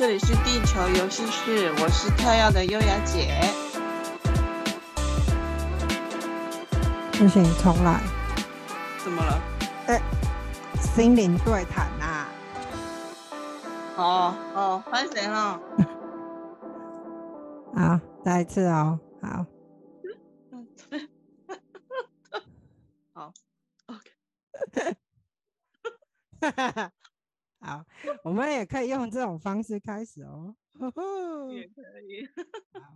這裡是地球遊戲室，我是太陽的優雅姐。不行，重來。怎麼了？欸，心靈對談吶，啊哦。哦哦，歡誰哦。啊，再一次哦。也可以用這種方式開始哦。也可以。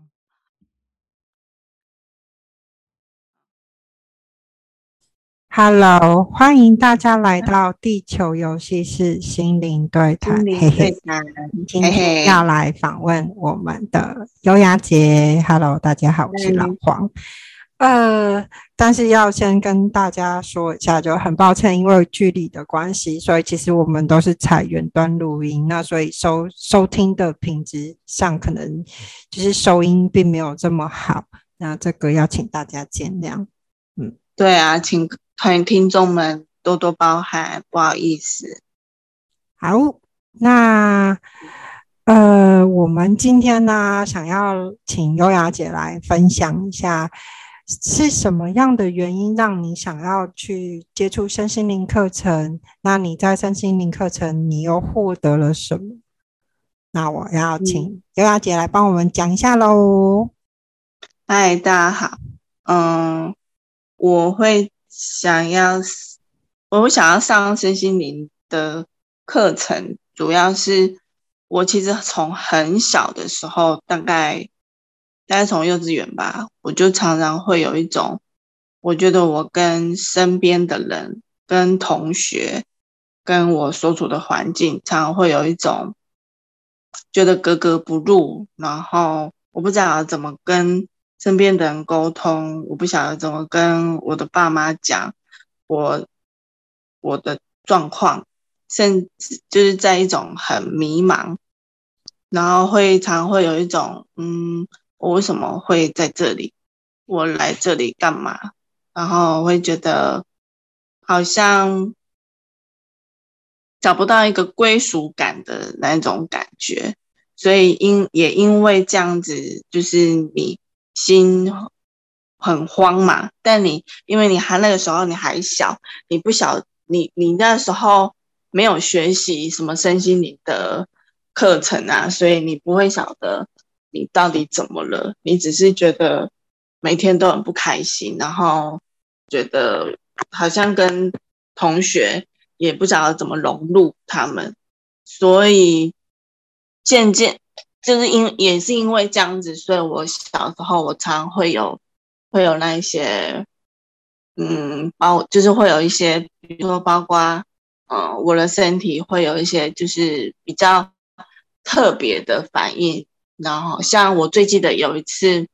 Hello，歡迎大家來到地球遊戲室心靈對談。嘿嘿，嘿嘿，今天要來訪問我們的優雅姐。Hello，大家好，嘿我是老黃。呃，但是要先跟大家說一下，就很抱歉，因為距離的關係，所以其實我們都是採遠端錄音，那所以收收聽的品質上可能就是收音並沒有這麼好，那這個要請大家見諒。嗯，對啊，請歡迎聽眾們多多包涵，不好意思。好，那呃，我們今天呢、啊，想要請優雅姐來分享一下。是什麼樣的原因讓你想要去接觸身心靈課程？那你在身心靈課程，你又獲得了什麼？那我要請優雅姐來幫我們講一下嘍。嗯、嗨，大家好。嗯，我會想要，我會想要上身心靈的課程，主要是我其實從很小的時候，大概。大概從幼稚園吧，我就常常會有一種，我覺得我跟身邊的人、跟同學、跟我所處的環境，常常會有一種覺得格格不入。然後我不知道怎麼跟身邊的人溝通，我不曉得怎麼跟我的爸媽講我我的狀況，甚至，就是在一種很迷茫，然後會常會有一種嗯。我為什麼會在這裡？我來這裡幹嘛？然後會覺得好像找不到一個歸屬感的那種感覺，所以因也因為這樣子，就是你心很慌嘛。但你因為你還那個時候你還小，你不曉，你你那時候沒有學習什麼身心靈的課程啊，所以你不會曉得。你到底怎麼了？你只是覺得每天都很不開心，然後覺得好像跟同學也不知道怎麼融入他們，所以漸漸就是因也是因為這樣子，所以我小時候我常會有會有那一些嗯包，就是會有一些，比如說包括嗯、呃、我的身體會有一些就是比較特別的反應。然後，像我最記得有一次，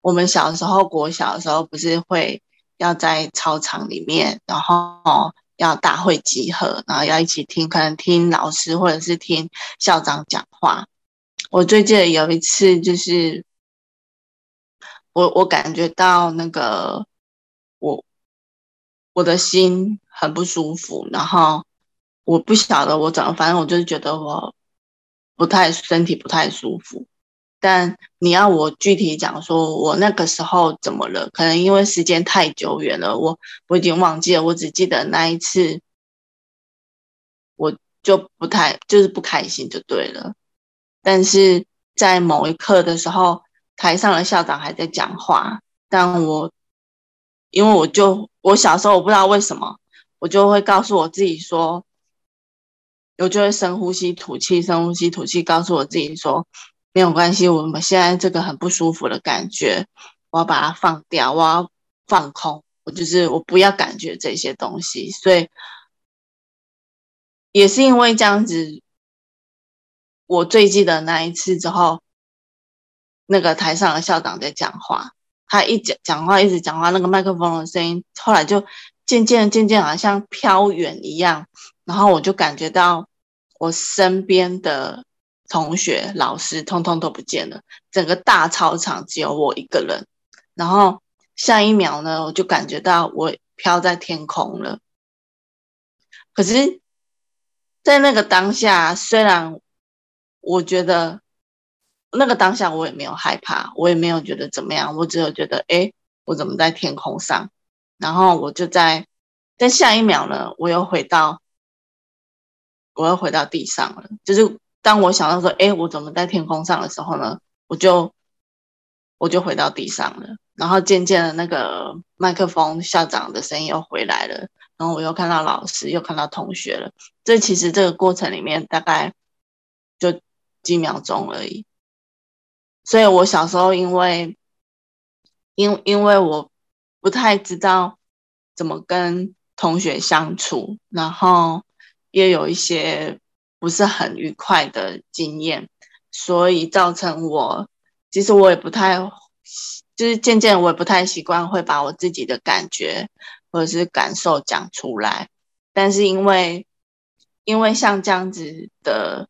我們小的時候，國小的時候，不是會要在操場裡面，然後哦要大會集合，然後要一起聽，可能聽老師或者是聽校長講話。我最記得有一次，就是我我感覺到那個我我的心很不舒服，然後我不曉得我怎麼，反正我就覺得我。不太身體不太舒服，但你要我具體講說我那個時候怎麼了？可能因為時間太久遠了，我我已經忘記了，我只記得那一次，我就不太就是不開心就對了。但是在某一刻的時候，台上的校長還在講話，但我因為我就我小時候我不知道為什麼，我就會告訴我自己說。我就會深呼吸吐氣，深呼吸吐氣，告訴我自己說，沒有關係，我們現在這個很不舒服的感覺，我要把它放掉，我要放空，我就是我不要感覺這些東西。所以也是因為這樣子，我最記得那一次之後，那個台上的校長在講話，他一講話一講話一直講話，那個麥克風的聲音後來就漸漸漸漸好像飄遠一樣。然後我就感覺到我身邊的同學、老師通通都不見了，整個大操場只有我一個人。然後下一秒呢，我就感覺到我飄在天空了。可是，在那個當下，雖然我覺得那個當下我也沒有害怕，我也沒有覺得怎麼樣，我只有覺得，哎，我怎麼在天空上？然後我就在，在下一秒呢，我又回到。我又回到地上了，就是當我想到說，誒，我怎麼在天空上的時候呢？我就我就回到地上了。然後漸漸的，那個麥克風校長的聲音又回來了。然後我又看到老師，又看到同學了。這其實這個過程裡面大概就幾秒鐘而已。所以我小時候因為，因因為我不太知道怎麼跟同學相處，然後。也有一些不是很愉快的經驗，所以造成我其實我也不太，就是漸漸我也不太習慣會把我自己的感覺或者是感受講出來。但是因為因為像這樣子的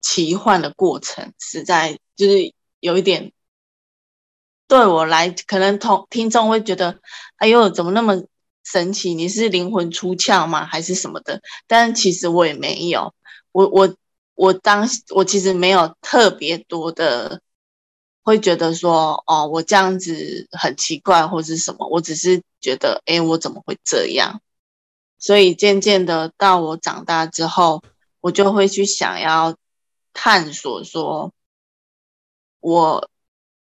奇幻的過程，實在就是有一點對我來，可能同聽眾會覺得，哎呦，怎麼那麼。神奇，你是靈魂出竅嗎？還是什麼的？但其實我也沒有，我我我當時，我其實沒有特別多的，會覺得說，哦，我這樣子很奇怪，或是什麼，我只是覺得，誒，我怎麼會這樣？所以漸漸的到我長大之後，我就會去想要探索說，說我。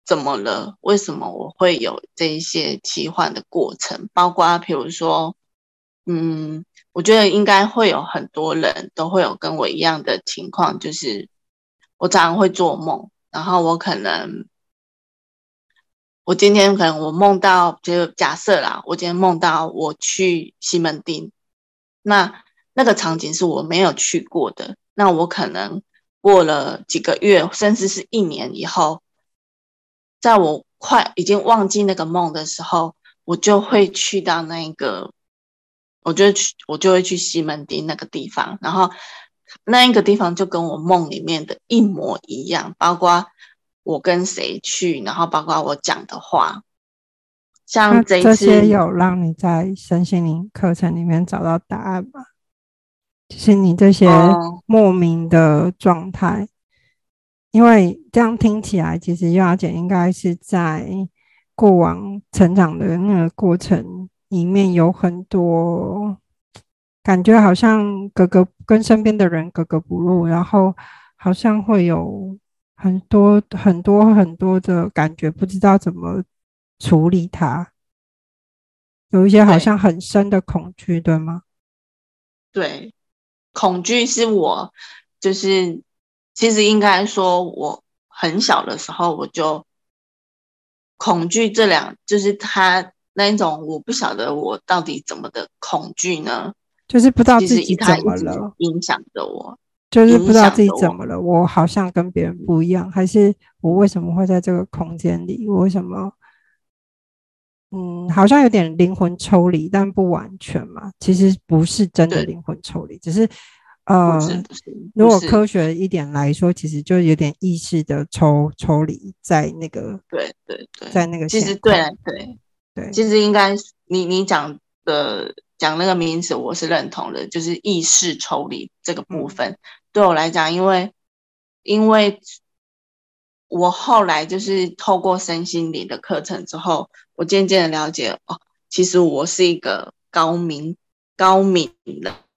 怎麼了？為什麼我會有這一些奇幻的過程？包括，譬如說，嗯，我覺得應該會有很多人都會有跟我一樣的情況，就是我常常會做夢，然後我可能，我今天可能我夢到，就假設啦，我今天夢到我去西門町，那那個場景是我沒有去過的，那我可能過了幾個月，甚至是一年以後。在我快已經忘記那個夢的時候，我就會去到那個，我就會去，我就會去西門町那個地方，然後那一個地方就跟我夢裡面的一模一樣，包括我跟誰去，然後包括我講的話，像這，這些有讓你在身心靈課程裡面找到答案嗎？就是你這些莫名的狀態。Oh. 因為這樣聽起來，其實優雅姐應該是在過往成長的那個過程裡面有很多感覺，好像格格跟身邊的人格格不入，然後好像會有很多很多很多的感覺，不知道怎麼處理它，有一些好像很深的恐懼，對，對嗎？對，恐懼是我，就是。其實應該說，我很小的時候我就恐懼這兩，就是他那一種，我不曉得我到底怎麼的恐懼呢？就是，就是不知道自己怎麼了，影響着我，就是不知道自己怎麼了。我好像跟別人不一樣，還是我為什麼會在這個空間裡？我為什麼？嗯，好像有點靈魂抽離，但不完全嘛。其實不是真的靈魂抽離，對只是。呃，如果科學一點來說，是其實就有點意識的抽抽離在那個，對對對，在那個。其實對對對，對其實應該你你講的講那個名詞，我是認同的，就是意識抽離這個部分，嗯、對我來講，因為因為，我後來就是透過身心靈的課程之後，我漸漸的了解，哦，其實我是一個高敏高敏的。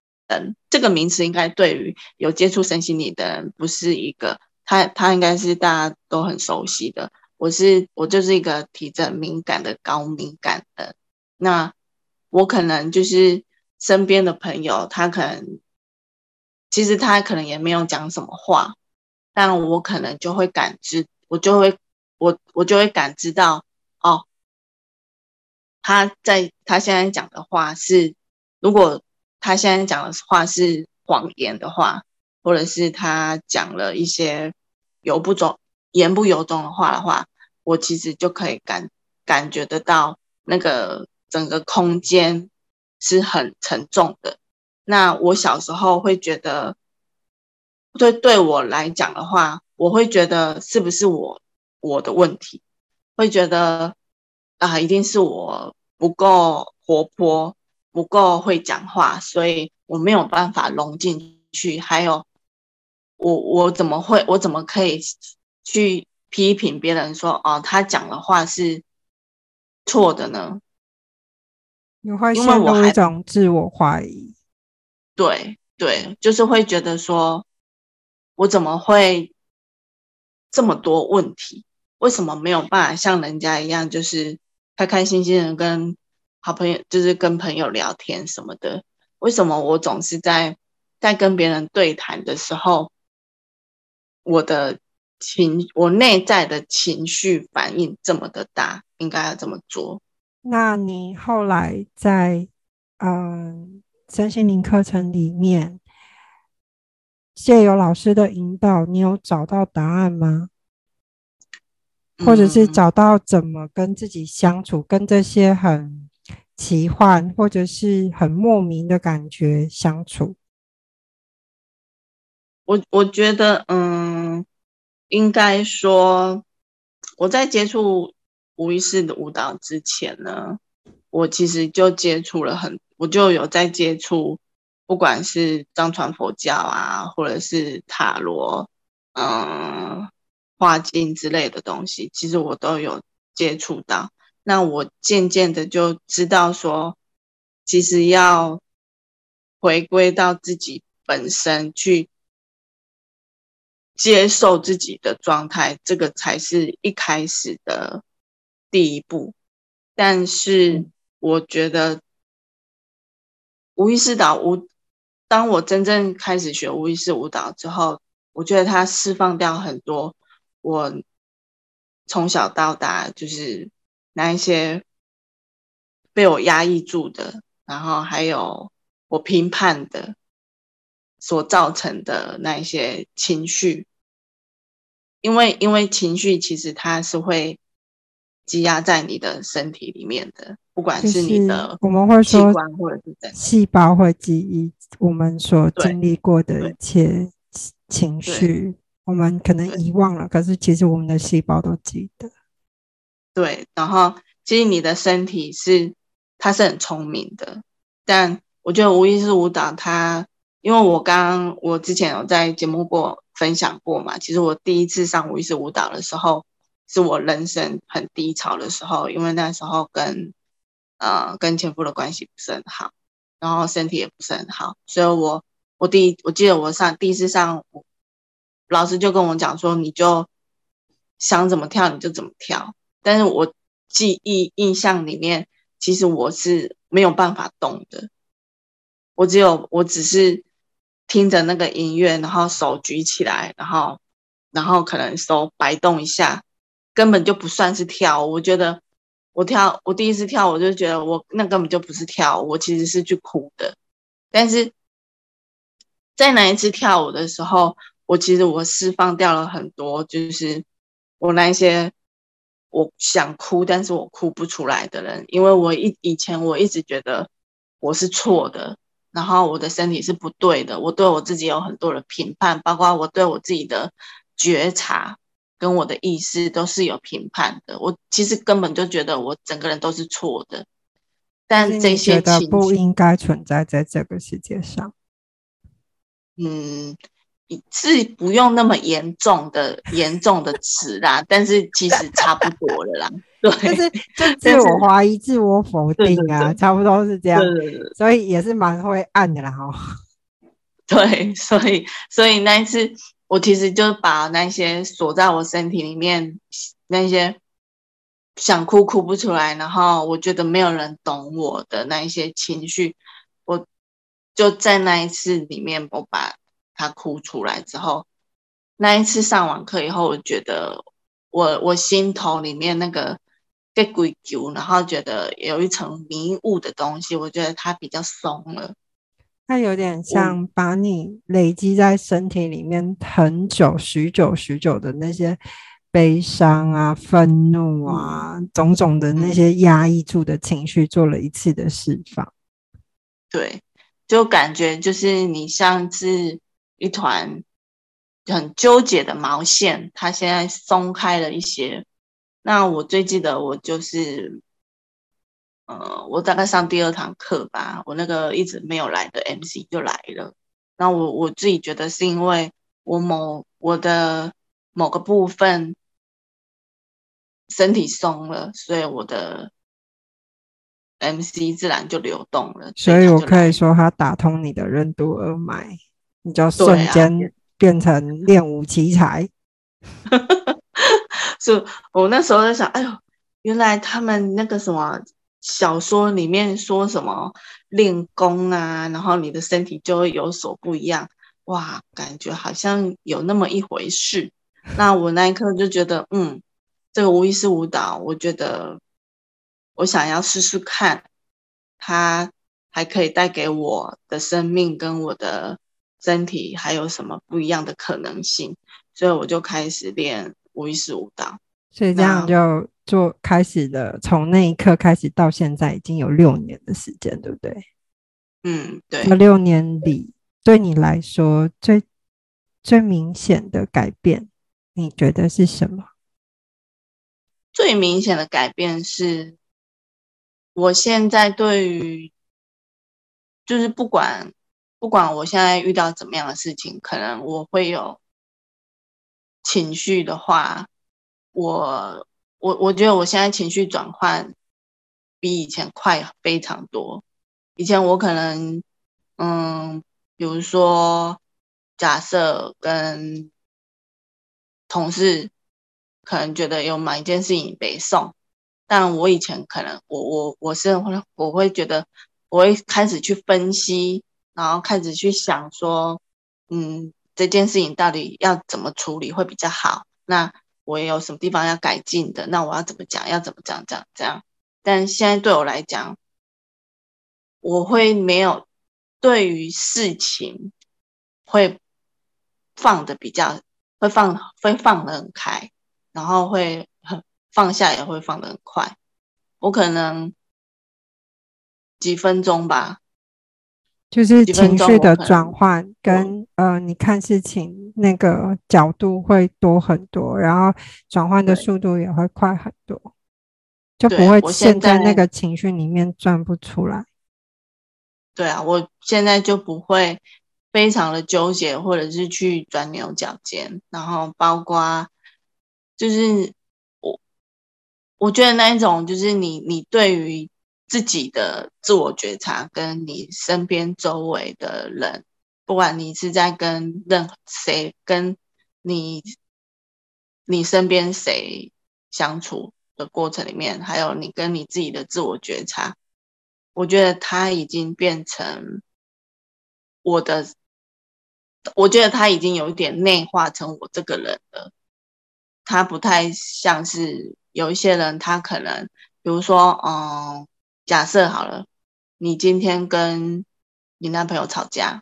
這個名詞應該對於有接觸身心靈的人，不是一個，他他應該是大家都很熟悉的。我是我就是一個體質敏感的高敏感的，那我可能就是身邊的朋友，他可能其實他可能也沒有講什麼話，但我可能就會感知，我就會我我就會感知到，哦，他在他現在講的話是如果。他現在講的話是謊言的話，或者是他講了一些由不忠、言不由衷的話的話，我其實就可以感感覺得到那個整個空間是很沉重的。那我小時候會覺得，對對我來講的話，我會覺得是不是我我的問題？會覺得啊、呃，一定是我不夠活潑。不夠會講話，所以我沒有辦法融進去。還有，我我怎麼會，我怎麼可以去批評別人說，哦，他講的話是錯的呢？因為我還一種自我懷疑，對對，就是會覺得說，我怎麼會這麼多問題？為什麼沒有辦法像人家一樣，就是開開心心的跟好朋友就是跟朋友聊天什麼的。為什麼我總是在在跟別人對談的時候，我的情我內在的情緒反應這麼的大？應該要怎麼做？那你後來在嗯呃、身心靈課程裡面，借由老師的引導，你有找到答案嗎？或者是找到怎麼跟自己相處，嗯、跟這些很。奇幻或者是很莫名的感覺相處。我我覺得，嗯，應該說我在接觸無意識的舞蹈之前呢，我其實就接觸了很，我就有在接觸，不管是藏傳佛教啊，或者是塔羅，嗯，畫經之類的東西，其實我都有接觸到。那我漸漸的就知道說，其實要回歸到自己本身去接受自己的狀態，這個才是一開始的第一步。但是我覺得，嗯、無意識舞，當我真正開始學無意識舞蹈之後，我覺得它釋放掉很多我從小到大就是。那一些被我壓抑住的，然後還有我評判的所造成的那一些情緒，因為因為情緒其實它是會積壓在你的身體裡面的，不管是你的，或者是的我們會說，或者是細胞會記憶我們所經歷過的一切情緒，我們可能遺忘了，對可是其實我們的細胞都記得。對，然後其實你的身體是，他是很聰明的，但我覺得無意識舞蹈它，他因為我剛我之前有在節目過分享過嘛，其實我第一次上無意識舞蹈的時候，是我人生很低潮的時候，因為那時候跟呃跟前夫的關係不是很好，然後身體也不是很好，所以我我第一我記得我上第一次上，老師就跟我講說，你就想怎麼跳你就怎麼跳。但是我記憶印象裡面，其實我是沒有辦法動的，我只有我只是聽着那個音樂，然後手舉起來，然後然後可能手擺動一下，根本就不算是跳。我覺得我跳，我第一次跳，我就覺得我那根本就不是跳，我其實是去哭的。但是在那一次跳舞的時候，我其實我釋放掉了很多，就是我那些。我想哭，但是我哭不出來的人，因為我以前我一直覺得我是錯的，然後我的身體是不對的，我對我自己有很多的評判，包括我對我自己的覺察跟我的意識都是有評判的，我其實根本就覺得我整個人都是錯的，但這些情形不應該存在在這個世界上。嗯。是不用那麼嚴重的嚴重的詞啦， 但是其實差不多的啦。 對，就對是自我懷疑、對對對對自我否定啊，對對對差不多是這樣。對，對，對，所以也是蠻晦暗的啦對，所以所以那一次，我其實就把那些鎖在我身體裡面那些想哭哭不出來，然後我覺得沒有人懂我的那一些情緒，我就在那一次裡面，我把。他哭出來之後，那一次上完課以後，我覺得我我心頭裡面那個 get，然後覺得有一層迷霧的東西，我覺得他比較鬆了。他有點像把你累積在身體裡面很久，我許久，許久的那些悲傷啊、憤怒啊、嗯、種種的那些壓抑住的情緒，做了一次的釋放。對，就感覺就是你上次。一團很糾結的毛線，它現在鬆開了一些。那我最記得，我就是，呃，我大概上第二堂課吧，我那個一直沒有來的 MC 就來了。那我我自己覺得是因為我某我的某個部分身體鬆了，所以我的 MC 自然就流動了。所以我可以說，他打通你的任督二脈。你就瞬間變成練武奇才，對啊、 是。我那時候在想，哎呦，原來他們那個什麼小說裡面說什麼練功啊，然後你的身體就會有所不一樣，哇，感覺好像有那麼一回事。那我那一刻就覺得，嗯，這個無意識舞蹈，我覺得我想要試試看，它還可以帶給我的生命跟我的。身體還有什麼不一樣的可能性？所以我就開始練無意識舞蹈。所以這樣就做開始了，那從那一刻開始到現在已經有六年的時間，對不對？嗯，對。那六年裡，對你來說，對，最最明顯的改變，你覺得是什麼？最明顯的改變是，我現在對於就是不管。不管我現在遇到怎麼樣的事情，可能我會有情緒的話，我我我覺得我現在情緒轉換比以前快非常多。以前我可能，嗯，比如說假設跟同事可能覺得有某一件事情被送，但我以前可能我我我是會我會覺得我會開始去分析。然後開始去想說，嗯，這件事情到底要怎麼處理會比較好？那我也有什麼地方要改進的？那我要怎麼講？要怎麼講？講？這樣，但現在對我來講，我會沒有對於事情會放的比較會放會放的很開，然後會很放下也會放的很快，我可能幾分鐘吧。就是情緒的轉換跟呃，你看事情那個角度會多很多，然後轉換的速度也會快很多，對就不會陷在，在那個情緒裡面轉不出來。對啊，我現在就不會非常的糾結，或者是去鑽牛角尖，然後包括就是我我覺得那一種就是你你對於。自己的自我覺察跟你身邊周圍的人，不管你是在跟任何誰、跟你、你身邊誰相處的過程裡面，還有你跟你自己的自我覺察，我覺得他已經變成我的，我覺得他已經有一點內化成我這個人了。他不太像是有一些人，他可能，比如說，嗯。假設好了，你今天跟你男朋友吵架，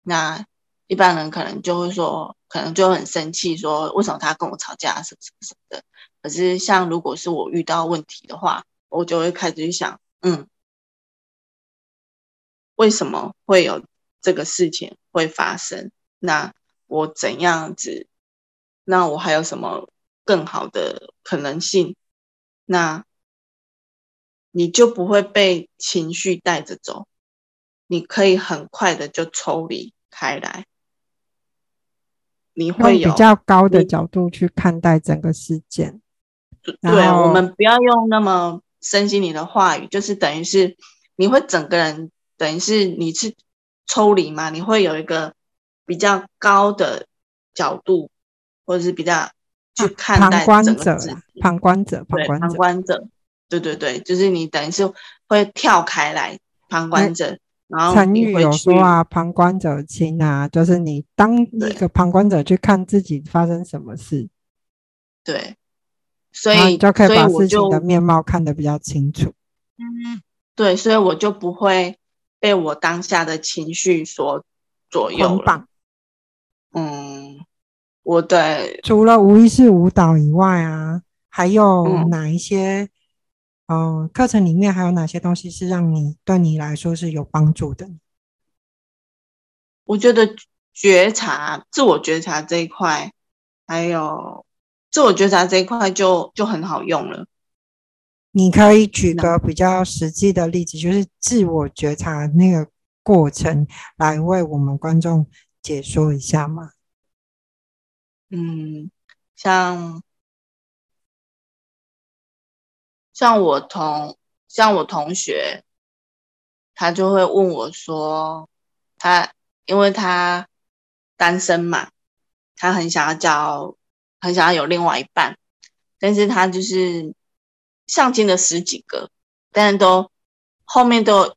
那一般人可能就會說，可能就很生氣說，為什麼他跟我吵架，什麼什麼什麼的。可是，像如果是我遇到問題的話，我就會開始想，嗯，為什麼會有這個事情會發生？那我怎樣子？那我還有什麼更好的可能性？那？你就不會被情緒帶着走，你可以很快的就抽離開來，你會有你比較高的角度去看待整個事件。對，我們不要用那麼深心理的話語，就是等於是你會整個人等於是你是抽離嘛？你會有一個比較高的角度，或者是比較去看待這個事情。旁觀者，旁觀者，旁觀者。對對對，就是你等於是會跳開來旁觀者，嗯、然後參與有說啊，旁觀者清啊，就是你當一個旁觀者去看自己發生什麼事，對，所以就可以把自己的面貌看得比較清楚。嗯哼，對，所以我就不會被我當下的情緒所左右棒嗯，我對除了無意識舞蹈以外啊，還有哪一些？嗯哦，課程裡面還有哪些東西是讓你，對你來說是有幫助的？我覺得覺察、自我覺察這一塊，還有自我覺察這一塊就就很好用了。你可以舉個比較實際的例子，就是自我覺察那個過程，來為我們觀眾解說一下嗎？嗯，像。像我同像我同學，他就會問我說，他因為他單身嘛，他很想要找，很想要有另外一半，但是他就是相親了十幾個，但都後面都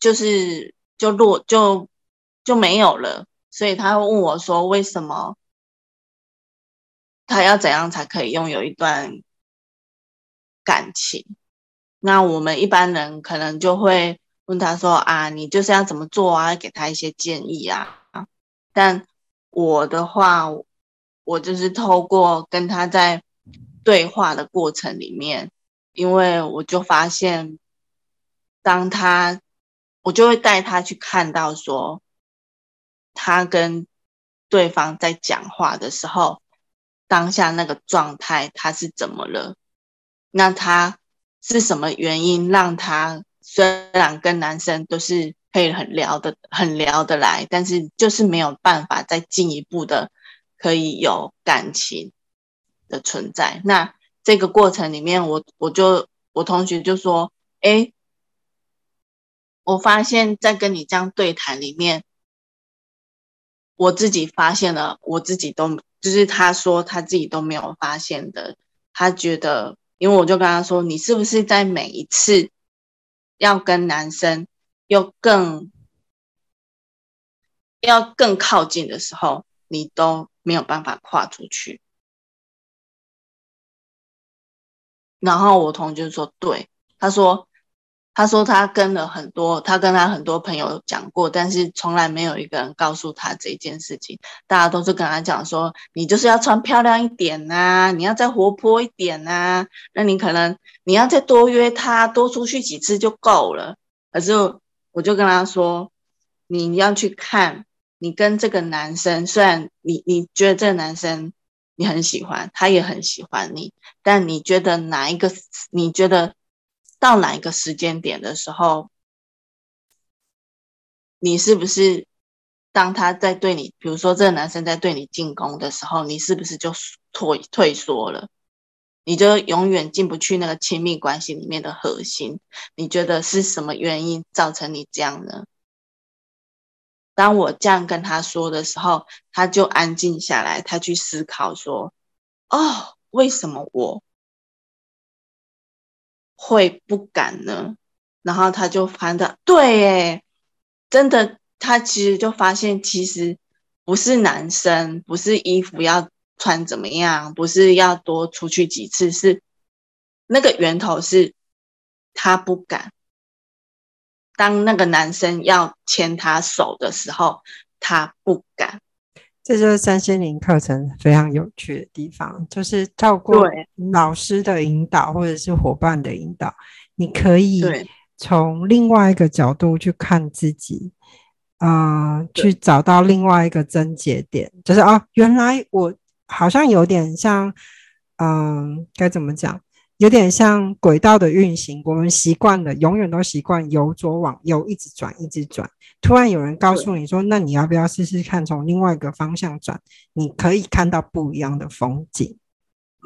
就是就落就就沒有了，所以他會問我說，為什麼他要怎樣才可以擁有一段？感情，那我們一般人可能就會問他說啊，你就是要怎麼做啊？給他一些建議啊。但我的話，我就是透過跟他在對話的過程裡面，因為我就發現，當他我就會帶他去看到說，他跟對方在講話的時候，當下那個狀態他是怎麼了？那他是什麼原因讓他雖然跟男生都是可以很聊的很聊得來，但是就是沒有辦法再進一步的可以有感情的存在。那這個過程裡面我，我我就我同學就說：“哎，我發現在跟你這樣對談裡面，我自己發現了我自己都就是他說他自己都沒有發現的，他覺得。”因為我就跟他說，你是不是在每一次要跟男生又更要更靠近的時候，你都沒有辦法跨出去？然後我同學就說，對，他說，他說他跟了很多，他跟他很多朋友講過，但是從來沒有一個人告訴他這件事情。大家都是跟他講說，你就是要穿漂亮一點吶，你要再活潑一點吶，那你可能你要再多約他，多出去幾次就夠了。而是我就跟他說，你要去看，你跟這個男生，雖然你你覺得這個男生你很喜歡，他也很喜歡你，但你覺得哪一個？你覺得？到哪一個時間點的時候，你是不是當他在對你，比如說這個男生在對你進攻的時候，你是不是就退退縮了？你就永遠進不去那個親密關係裡面的核心。你覺得是什麼原因造成你這樣呢？當我這樣跟他說的時候，他就安靜下來，他去思考說：“哦，為什麼我？”會不敢呢，然後他就發現，對耶，真的，他其實就發現，其實不是男生，不是衣服要穿怎麼樣，不是要多出去幾次，是那個源頭是他不敢。當那個男生要牽他手的時候，他不敢。這就是身心靈課程非常有趣的地方，就是透過老師的引導或者是夥伴的引導，你可以從另外一個角度去看自己，嗯、呃，去找到另外一個症結點，對就是啊、哦，原來我好像有點像，嗯、呃，該怎麼講？有點像軌道的運行，我們習慣了，永遠都習慣由左往右一直轉，一直轉。突然有人告訴你說：“對那你要不要試試看從另外一個方向轉？你可以看到不一樣的風景。”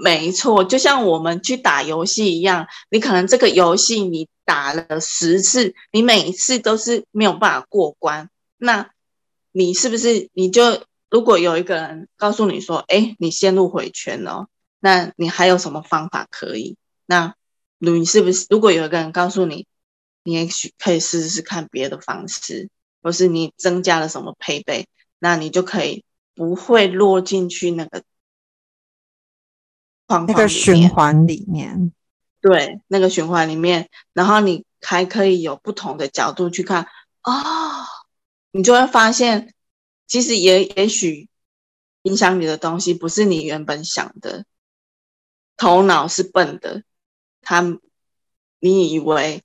沒錯，就像我們去打遊戲一樣，你可能這個遊戲你打了十次，你每一次都是沒有辦法過關。那你是不是你就如果有一個人告訴你說：“哎，你陷入回圈了。”那你還有什麼方法可以？那你是不是如果有一個人告訴你，你也許可以試試看別的方式，或是你增加了什麼配備，那你就可以不會落進去那個那個循環裡面。對，那個循環裡面，然後你還可以有不同的角度去看哦，你就會發現，其實也也許影響你的東西不是你原本想的，頭腦是笨的。他，你以為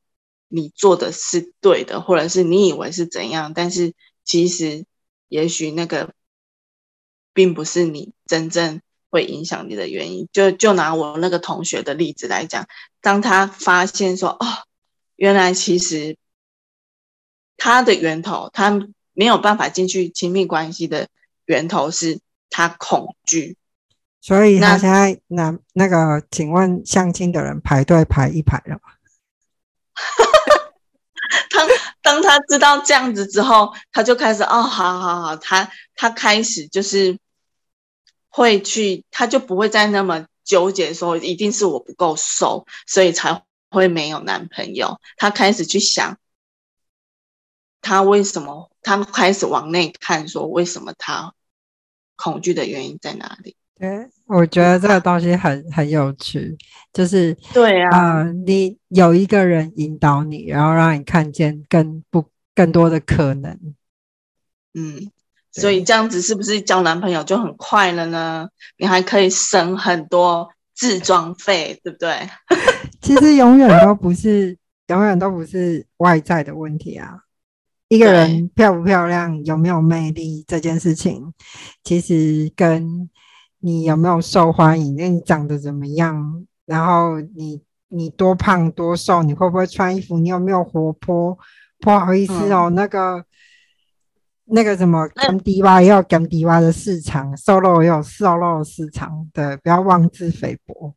你做的是對的，或者是你以為是怎樣，但是其實，也許那個並不是你真正會影響你的原因。就就拿我那個同學的例子來講，當他發現說，哦，原來其實他的源頭，他沒有辦法進去親密關係的源頭是他恐懼。所以他那那，那個，請問相親的人排隊排一排了嗎？當 當他知道這樣子之後，他就開始哦，好好好，他他開始就是會去，他就不會再那麼糾結，說一定是我不夠瘦，所以才會沒有男朋友。他開始去想，他為什麼？他開始往內看，說為什麼他恐懼的原因在哪裡？對、欸，我覺得這個東西很吧很有趣，就是對啊、呃，你有一個人引導你，然後讓你看見更不更多的可能。嗯，對所以這樣子是不是交男朋友就很快了呢？你還可以省很多治裝費，對不對？其實永遠都不是， 永遠都不是外在的問題啊。一個人漂不漂亮，對有沒有魅力這件事情，其實跟你有沒有受歡迎？那你長得怎麼樣？然後你你多胖多瘦？你會不會穿衣服？你有沒有活潑？不好意思哦，嗯、那個那個什麼跟 D Y 也有跟 D Y 的市場，Solo 也有 Solo 的市場，對，不要妄自菲薄。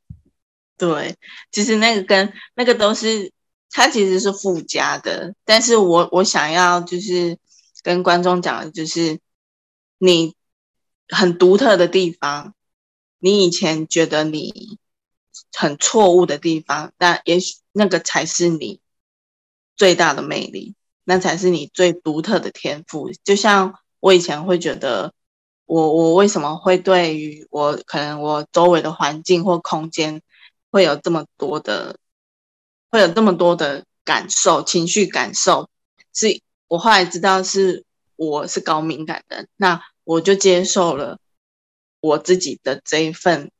對，其實那個跟那個都是，它其實是附加的。但是我我想要就是跟觀眾講的就是你。很獨特的地方，你以前覺得你很錯誤的地方，那也許那個才是你最大的魅力，那才是你最獨特的天賦。就像我以前會覺得，我我為什麼會對於我可能我周圍的環境或空間會有這麼多的，會有這麼多的感受，情緒感受，是我後來知道是我是高敏感的那。我就接受了我自己的這一份，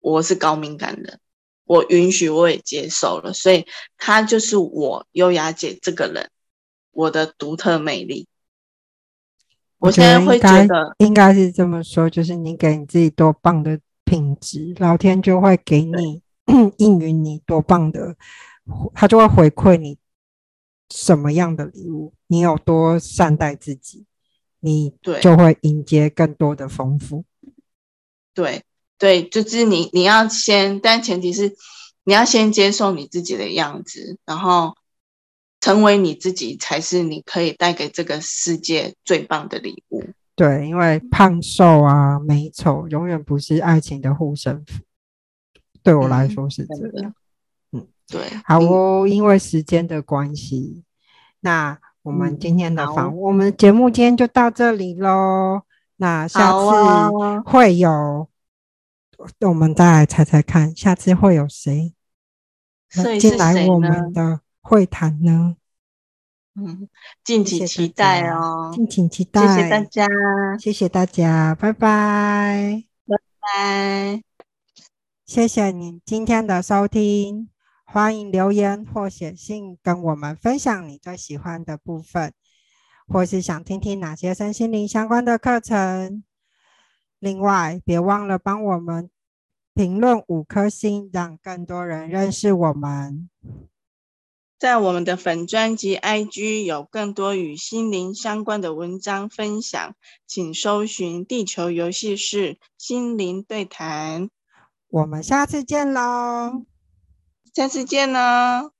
我是高敏感的，我允許我也接受了，所以他就是我優雅姐這個人，我的獨特魅力。我現在會覺得，覺得應該是這麼說，就是你給你自己多棒的品質，老天就會給你對 應允你多棒的，他就會回饋你什麼樣的禮物，你有多善待自己。你對，就會迎接更多的豐富，對對，就是你你要先，但前提是你要先接受你自己的樣子，然後成為你自己，才是你可以帶給這個世界最棒的禮物。對，因為胖瘦啊、美醜永遠不是愛情的護身符，對我來說是這樣。嗯，嗯對。好哦，嗯，因為時間的關係，那。我們今天的訪、嗯，我們節目今天就到這裡嘍。那下次會有，哦、我們再來猜猜看，下次會有誰進來我們的會談呢？嗯，敬請期待哦謝謝，敬請期待，謝謝大家，謝謝大家，拜拜，拜拜，謝謝你今天的收聽。歡迎留言或寫信跟我們分享你最喜歡的部分，或是想聽聽哪些身心靈相關的課程。另外，別忘了幫我們評論五顆星，讓更多人認識我們。在我們的粉專及 IG 有更多與心靈相關的文章分享，請搜尋“地球遊戲室心靈對談”。我們下次見嘍！下次見吶。